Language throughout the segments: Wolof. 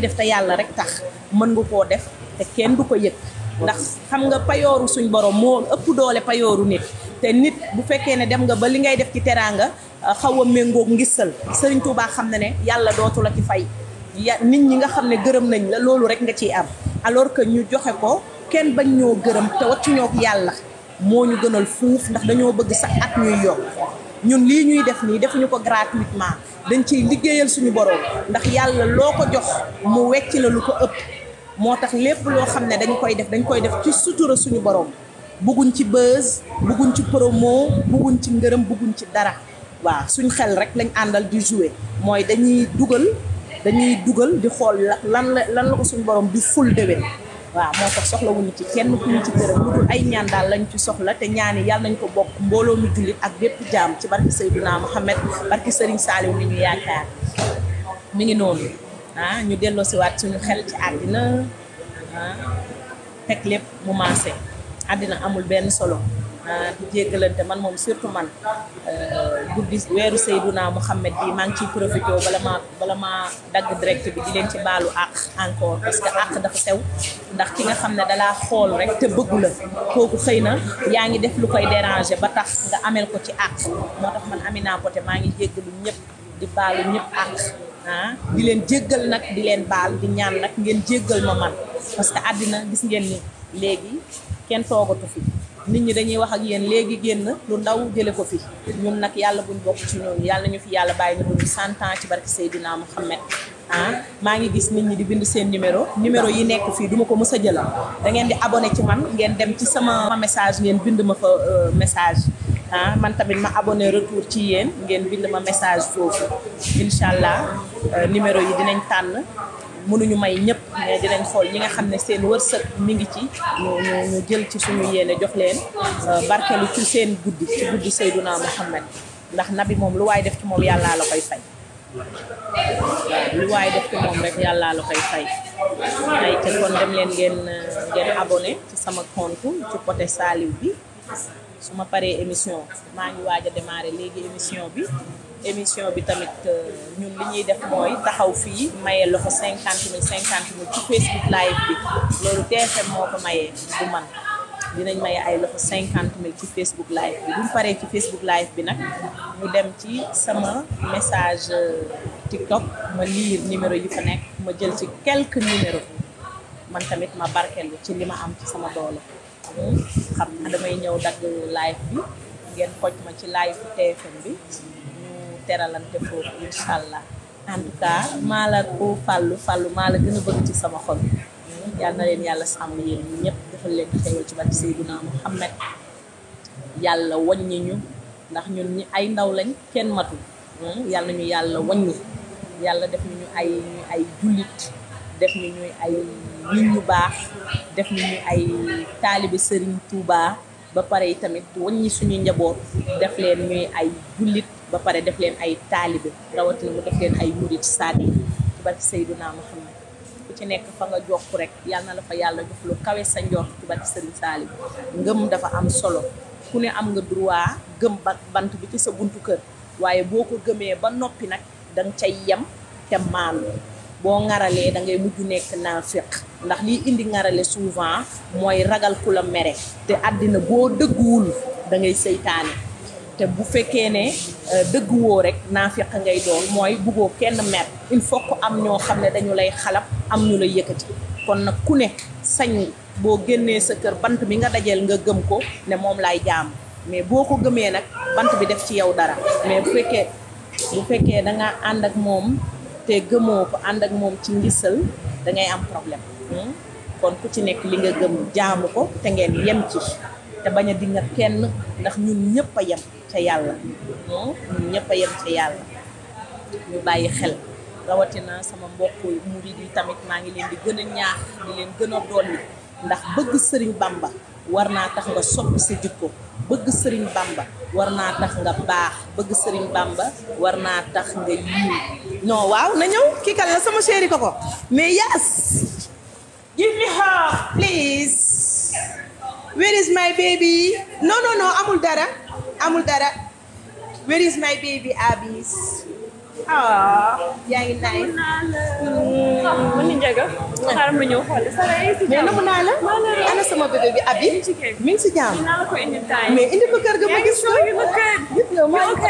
def te yàlla rek tax mën nga koo def te kenn du ko yëg ndax xam nga payooru suñ borom moo ëpp doole payooru nit te nit bu fekkee ne dem nga ba li ngay def ci teraanga euh, xaw a méngoog ngisal sëriñ Tuubaa xam na ne yàlla dootu la ci fay ya nit ñi nga xam ne gërëm nañ la loolu rek nga ciy am alors que ñu joxe ko kenn bañ ñoo gërëm te waccu ñoo yàlla moo ñu gënal fuuf ndax dañoo bëgg sax at ñuy yokk ñun lii ñuy def nii defuñu ko gratuitement dañ ciy liggéeyal suñu borom ndax yàlla loo ko jox mu wecc la lu ko ëpp moo tax lépp loo xam ne dañ koy def dañ koy def ci sutura suñu borom bugguñ ci buzz bugguñ ci promo bugguñ ci ngërëm bugguñ ci dara waaw suñ xel rek lañ àndal di jouer mooy dañuy dugal dañuy dugal di xool lan la lan la ko suñu borom di ful déwén waaw moo tax soxlawuñu ci kenn ku ñu ci tëral lu dul ay ñaan daal lañ ci soxla te ñaan yi yàlla nañ ko bokk mbooloo mi jullit ak bépp jaam ci barki Seydina Mohamed barki Serigne Saliou mi ñu yaakaar mi ngi noonu ah ñu delloo si waat suñu xel ci àddina ah lépp mu maase àddina amul benn solo Ah, di jéggalante man moom surtout man guddi euh, weeru Seydouna Mouhamed bi maa ngi ciy profité bala maa bala maa dagg direct bi di leen ci baalu àq encore parce que àq dafa sew ndax ki nga xam ne dalaa xool rek te bëggu la kooku xëy na yaa ngi def lu koy déranger ba tax nga amel ko ci àq moo tax man Amina Poté maa ngi jéggalu ñëpp di baalu ñëpp àq ah di leen jéggal nag di leen baal di ñaan nag ngeen jéggal ma man parce que àddina gis ngeen ni léegi kenn toogatu fi nit ñi dañuy wax ak yéen léegi génn lu ndaw jële ko fi ñun nag yàlla buñ bokk ci ñooñu yàlla nañu fi yàlla bàyyi ñu buñu cent ans ci barke Seydina Mouhamed ah maa ngi gis nit ñi di bind seen numéro numéro yi nekk fii duma ko mës a jëlal da ngeen di abonné ci man ngeen dem ci sama message ngeen bind ma fa euh, message ah man tamit ma abonné retour ci yéen ngeen bind ma message foofu incha allah euh, numéro yi dinañ tànn mënuñu may ñëpp di dinañ xool ñi nga xam ne seen wërsëg mi ngi ci ñu ñu ñu jël ci suñu yéene jox leen euh, barkelu ci seen guddi ci guddi Seyduna Muhammad ndax nabi moom lu waaye def ci moom yàlla la koy fay waaw lu waay def moom rek yàllaa la koy fay ay te kon dem leen ngeen euh, ngeen ci sama compte ci côté Saliou bi su ma paree émission maa ngi waaj a démarrer léegi émission bi émission bi tamit euh, ñun li ñuy def mooy taxaw fii maye loxo cinquante mille cinquante mille ci Facebook live bi loolu moo ko mayee bu dinañ maye ay loxo cinquante mille ci Facebook live bi paree ci Facebook live bi nag mu dem ci sama message euh, TikTok ma lire numéro yi fa nekk ma jël ci quelques numéros man tamit ma barkelu ci li ma am ci sama doole xam na damay ñëw dagg live bi ngeen xoj ma ci live bi bi ñu teralante foofu incha allah maa la ko fàllu maa la gën a bëgg ci sama xol yal na leen yàlla sàmm yéen ñu ñëpp defal leen xéewal ci barke Seydina Muhammad yàlla waññi ñu ndax ñu ñi ay ndaw lañ kenn matu yàlla nañu yàlla waññi yàlla def ñu ñu ay ñu jullit def ñu ay nit ñu baax def nañu ay taalibe sëriñ Touba ba pare tamit wàññi suñu njaboot def leen ñuy ay jullit ba pare def leen ay taalibe rawatina mu def leen ay murit sadiq ci barki Seydina ci nekk fa nga jokk rek yal la fa yàlla jox lu kawe sa njort ci barki sëriñ Salim ngëm dafa am solo ku ne am nga droit gëm bant bi ci sa buntu kër waaye boo ko gëmee ba noppi nag danga cay yem te maanu boo ngaralee da ngay mujj nekk naafiq ndax liy indi ŋarale souvent mooy ragal ku la mere te àddina boo dëgguwul da ngay seytaane te bu fekkee ne euh, dëgguwoo rek naafiq ngay doon mooy buggoo kenn mer il faut que am ñoo xam ne dañu lay xalab am ñu lay yëkkati kon nag ku ne sañ boo génnee sa kër bant bi nga dajeel nga gëm ko ne moom laay jaam mais boo ko gëmee nag bant bi def ci yow dara mais bu fekkee bu fekkee da nga ànd ak moom te gëmoo ko ànd ak moom ci ngisal da ngay am problème hmm? kon ku ci nekk li nga gëm jaamu ko te ngeen yem ci te bañ a dinga kenn ndax ñun ñëpp a yem ca yàlla hmm? ñëpp a yem ca yàlla ñu bàyyi xel rawatina sama mbokk murid yi tamit maa ngi leen di gën a ñaax di leen gën a dolli ndax bëgg Sëriñ Bamba warna tax nga sopp sa jikko bëgg sëriñ bamba warna tax nga baax bëgg sëriñ bamba warna tax nga yi no waw na ñew kii kan la sama chéri koko mais yes give me her please where is my baby no no no amul dara amul dara where is my baby abis ah yaay nay ga xaaral ma ñëw xool mais namu naa la ana sama bébé bi abi mi si jàmm mais indi ko kër ga ma gis la gis ah? jël ko jël ko waaw ok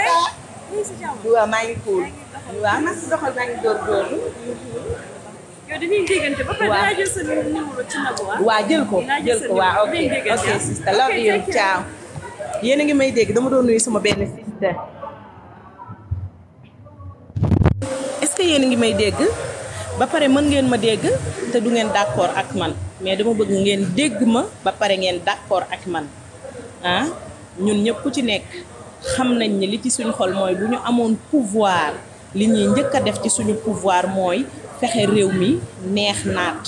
ok ah? sister love you ciao yéen a ngi may dégg dama doon nuyu sama benn sister est-ce yéen a ngi may dégg ba pare mën ngeen ma dégg te du ngeen d'accord ak man mais dama bëgg ngeen dégg ma ba pare ngeen d'accord ak man ah ñun ñëpp ku ci nekk xam nañ ni li ci suñu xol mooy bu ñu amoon pouvoir li ñuy njëkk a def ci suñu pouvoir mooy fexe réew mi neex naat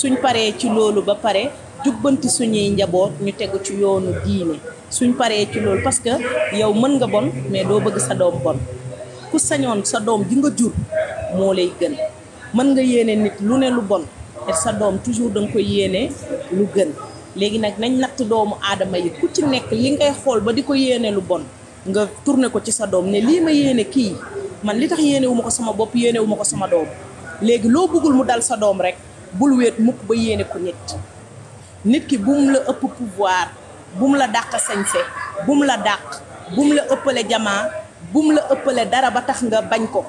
suñ paree ci loolu ba pare jubbanti suñuy njaboot ñu tegu ci yoonu diine suñ paree ci loolu parce que yow mën nga bon mais doo bëgg sa doom bon ku sañoon sa doom ji nga jur moo lay gën mën nga yéene nit lu ne lu bon te sa doom toujours da nga koy yéene lu gën léegi nag nañ natt doomu aadama yi ku ci nekk li ngay xool ba di ko yéene lu bon nga tourné ko ci sa doom ne lii ma yéene kii man li tax yéenewuma ko sama bopp yéene ma ko sama doom léegi loo bëggul mu dal sa doom rek bul wéet mukk ba yéene ko nit nit ki bu la ëpp pouvoir bu la dàq sañse bu mu la dàq bu la ëppale jamaa bu la ëppale dara ba tax nga bañ ko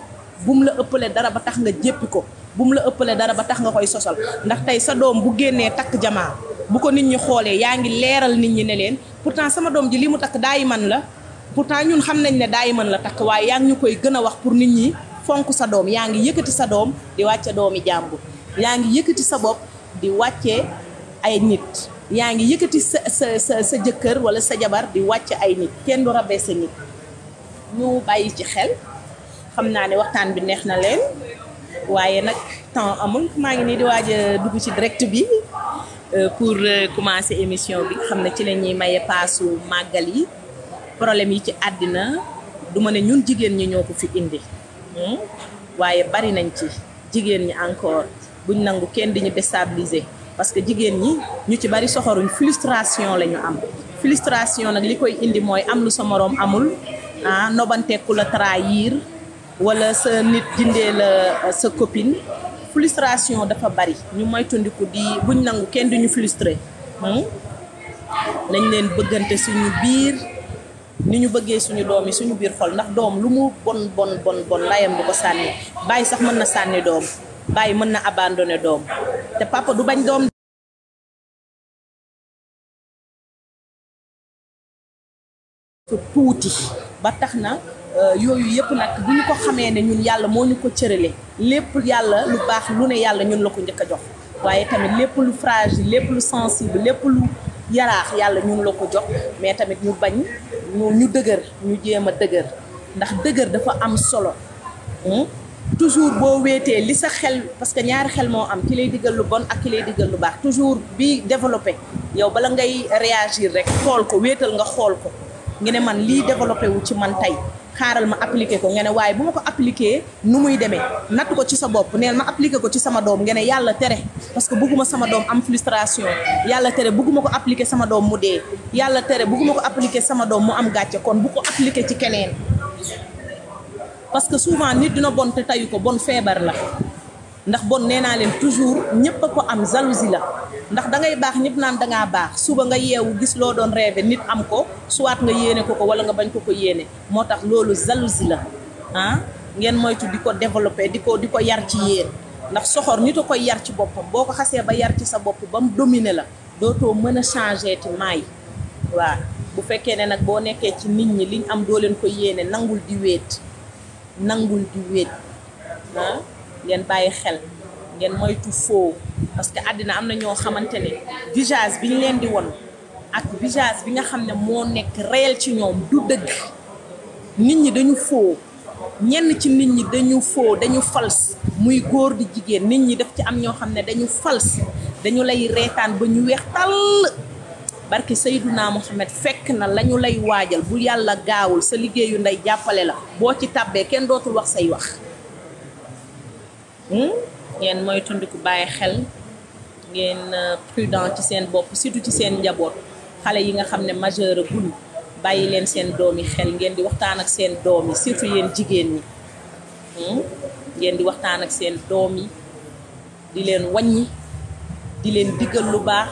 bum la ëppalee dara ba tax nga jéppi ko bum la ëppalee dara ba tax nga koy sosal ndax tey sa doom bu génnee takk jamaa bu ko nit ñi xoolee yaa ngi leeral nit ñi ne leen pourtant sama doom ji lii mu takk daay man la pourtant ñun xam nañ ne daay man la takk waaye yaa ngi ñu koy gën a wax pour nit ñi fonk sa doom yaa ngi yëkkati sa doom di wàcce doomi jàmbur yaa ngi yëkkati sa bopp di wàcce ay nit yaa ngi yëkkati sa sa sa sa jëkkër walla sa jabar di wàcce ay kenn du rabee sa nit ñu bàyyi ci xel xam naa ne waxtaan bi neex na leen waaye nag temps amul maa ngi nii di waaj dugg ci direct bi euh, pour euh, commencer émission bi xam ne ci la ñuy maye paasu màggal yi problème yi ci àddina du ma ne ñun jigéen ñi ñoo ko fi indi hmm? waaye bari nañ ci jigéen ñi encore buñ nangu kenn di ñu déstabiliser parce que jigéen ñi ñu ci bari soxoruñ frustration la ñu am frustration nag li koy indi mooy am lu sa moroom amul ah nobanteeku la trahir wala sa nit jëndee la uh, sa copine frustration dafa bari ñu moytandiku di buñ nangu kenn duñu frustré hmm? nañ leen bëggante suñu biir ni ñu bëggee suñu doom yi suñu biir xol ndax doom lu mu bon bon bon bon layam du ko sànni bàyyi sax mën na sànni doom bàyyi mën na abandone doom te papa du bañ doom tuuti na Euh, yooyu yëpp nag bi ñu ko xamee ne ñun yàlla moo ñu ko cërale lépp yàlla lu baax lu ne yàlla ñun la ko njëkk jox waaye tamit lépp lu fragile lépp lu sensible lépp lu yaraax yàlla ñun la ko jox mais tamit ñu bañ ñu ñu dëgër ñu jéem a dëgër ndax dëgër dafa am solo hmm? toujours boo weetee li sa xel parce que ñaari xel moo am ci lay diggal lu bon ak ki lay diggal lu baax toujours bi développé yow bala ngay réagir rek xool ko wéetal nga xool ko ngi ne man lii développé wu ci man tey xaaral ma appliqué ko nga ne waaye bu ma ko appliqué nu muy demee natt ko ci sa bopp neel ma appliqué ko ci sama doom nga ne yàlla tere parce que bugguma sama doom am frustration yàlla tere bugguma ko appliqué sama doom mu dee yàlla tere bugguma ko appliqué sama doom mu am gàcce kon bu ko appliqué ci keneen parce que souvent nit dina bon te tayu ko bon feebar la ndax bon nee naa leen toujours ñëpp a ko am jalousie la ndax da ngay baax ñëpp naan danga baax suba nga yeewu gis loo doon rêvé nit am ko soit nga yéene ko ko wala nga bañ ko ko yéene moo tax loolu jalousie la ah ngeen moytu di ko développé di ko di ko yar ci yéen ndax soxor nit a koy yar ci boppam boo ko xasee ba yar ci sa bopp ba mu dominé la dootoo mën a changé ti maay waaw bu fekkee ne nag boo nekkee ci nit ñi liñ am doo leen ko yéene nangul di wéet nangul di wéet ah ngeen bàyyi xel ngeen moytu foo parce que àddina am na ñoo xamante ne visage bi ñu leen di won ak visage bi nga xam ne moo nekk réel ci ñoom du dëgg nit ñi dañu faux ñenn ci nit ñi dañu faux dañu fals muy góor di jigéen nit ñi def ci am ñoo xam ne dañu fals dañu lay reetaan ba ñu weex tàll barki naa Muhammad fekk na lañu lay waajal bu yàlla gaawul sa liggéeyu ndey jàppale la boo ci tàbbee kenn dootul wax say wax hmm? ngeen moytandiku bàyyi xel ngeen euh, prudent ci seen bopp surtout ci seen njaboot xale yi nga xam ne majeur gul bàyyi leen seen doom yi xel ngeen di waxtaan ak seen doom yi surtout jigéen ñi hmm? ngeen di waxtaan ak seen doom yi di leen wàññi di leen diggal lu baax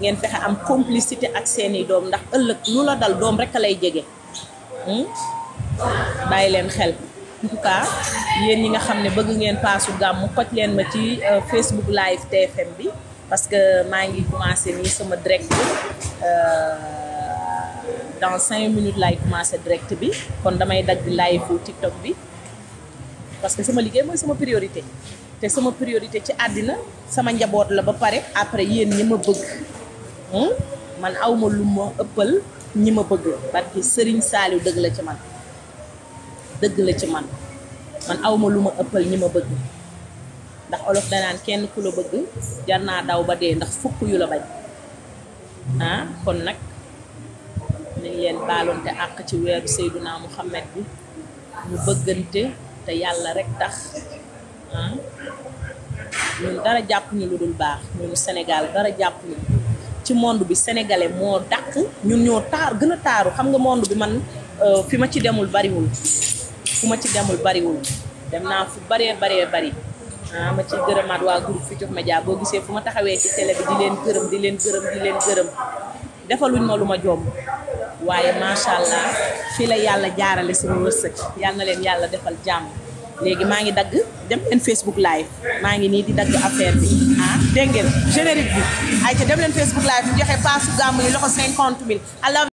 ngeen fexe am complicité ak seeni doom ndax ëllëg lu la dal doom rek a lay jege hmm? bàyyi leen xel. yéen ñi nga xam ne bëgg ngeen paasu gàmmu xoj leen ma ci euh, Facebook live bi parce que maa ngi commencé nii sama direct euh, dans cinq minutes laay commencé direct bi kon damay dagg live fu bi parce que sama liggéey mooy sama te sama priorité ci àddina sama njaboot la ba pare après yéen ñi ma bëgg hmm? man awma lu ma ëppal ñi ma bëgg parce que Serigne dëgg la ci man dëgg la ci man man awma lu ma ëppal ñi ma bëgg ndax olof danaan kenn ku la bëgg jar naa daw ba dee ndax fukk yu la bañ ah, kon nag nañ leen baalonte àq ci weeru Seyduna Muhammad bi ñu bëggante te yàlla rek tax ah, ñun dara jàpp ñu lu dul baax ñun Sénégal dara jàpp ñu ci monde bi sénégalais moo dàq ñun ñoo taar gën a taaru xam nga monde bi man euh, fi ma ci demul bariwul fu ma ci demul bariwul dem naa fu baree baree bari ah ma ci gërëmaat waa fi jox ma Médias boo gisee fu ma taxawee ci télé bi di leen gërëm di leen gërëm di leen gërëm defaluñ ma lu ma jom waaye macha allah fii la yàlla jaarale sama wërsëg yal na leen yàlla defal jàmm léegi maa ngi dagg dem leen Facebook live maa ngi nii di dagg affaire bi ah dégg ngeen générique bi ay ca dem leen Facebook live ñu joxe gàmm yi loxo cinquante mille